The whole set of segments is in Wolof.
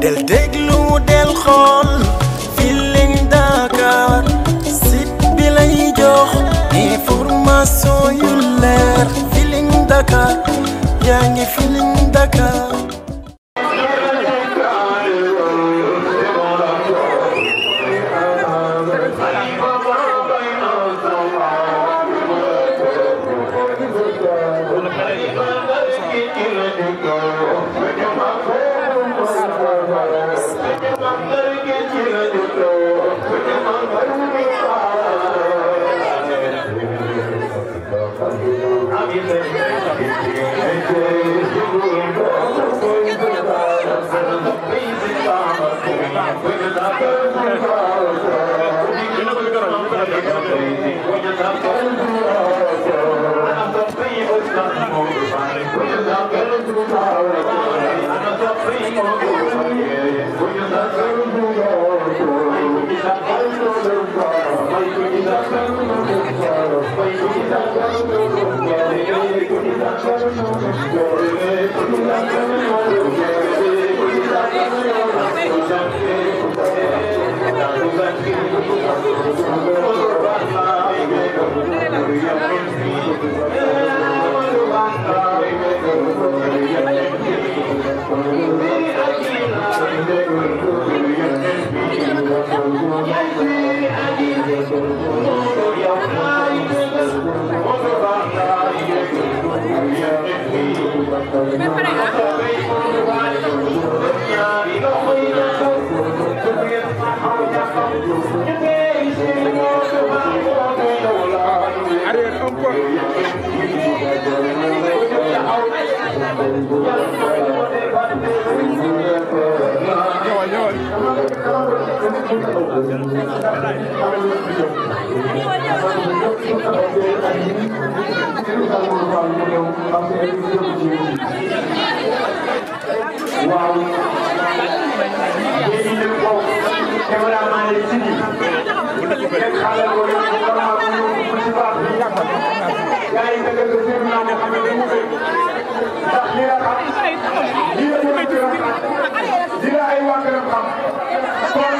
del déglu del xool Feeling Dakar site bi lay jox ma yu leer Feeling Dakar yaa ngi Feeling Dakar Thank you. waaw léegi nag foofu développement des cités ngeen xaaral ko ne ko vraiment bu ñu bu ci baax bi yàqal gars yi dëgg nga seen naa ne xam ne dañu koy ndax li la xam li la jëm ci la xam li la ay wànq la xam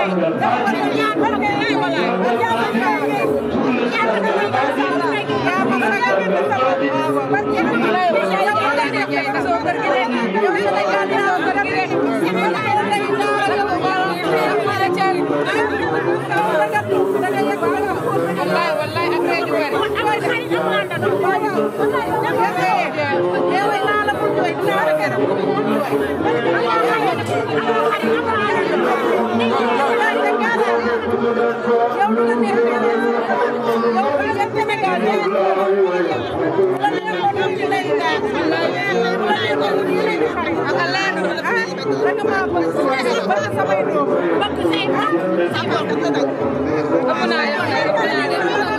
والله والله اكره جواري aka leen danga maa bëgg ba samay doom bëgg say mag sama dëgg dëgg am naa yaakaar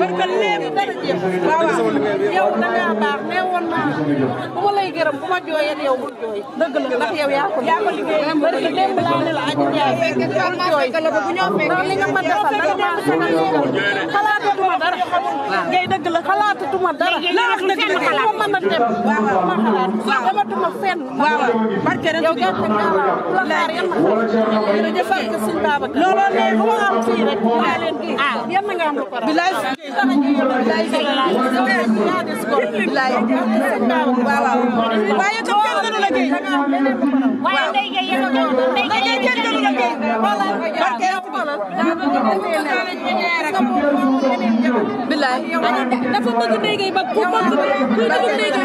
Barkalé, barkalé, jëm waaw yow da ngaa baax nee woon naa bu ma lay gërëm bu ma jooyee yow bul jooy. dëgg la ndax yow yaa ko yaa ko liggéey bari laa ne la aji jooy ndax li nga ma defal dara maa xalaatuma dara. dëgg la xalaatatuma dara. la wax dëgg la fu ma mën a dem. waaw waaw ma xalaat. waaw dematuma fenn. waaw waaw barke rek yow gerte gaaw la xaar yan na xaar. looloo nee lu ma am fii rek. maa leen kii yan na nga am lu ko raw. bilaay waaye tam kenn gënu la géey. waaye ndey géey yéen a ko ndey géey yéen a ko bilaay dafa bëgg ndéygay ba ku bëgg kuy dugg ndéygay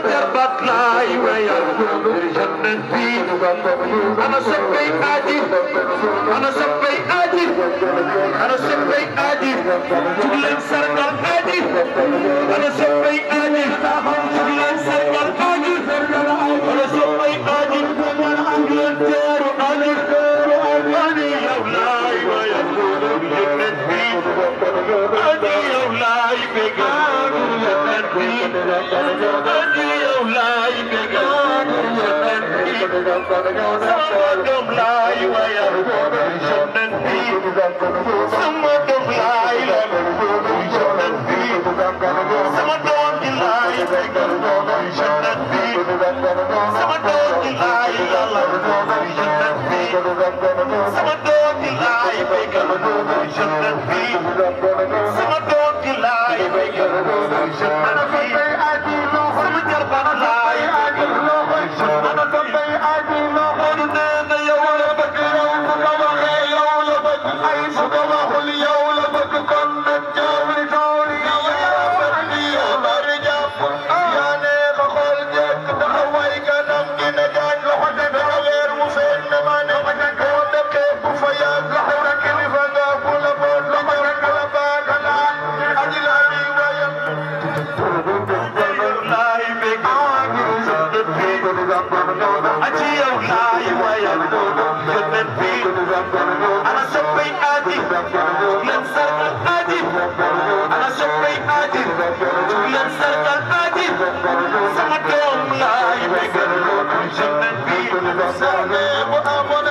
ana soppay aji ana soppay aji ana soppay aji tugleen sargal aji ana soppay aji sama doom laay wayal sonnan bi sama doom bi sama doom ji laay tegal sonnan bi sama doom ji laay lal sonnan bi bi sama doom laay bëggal jënd bi sama bu amoon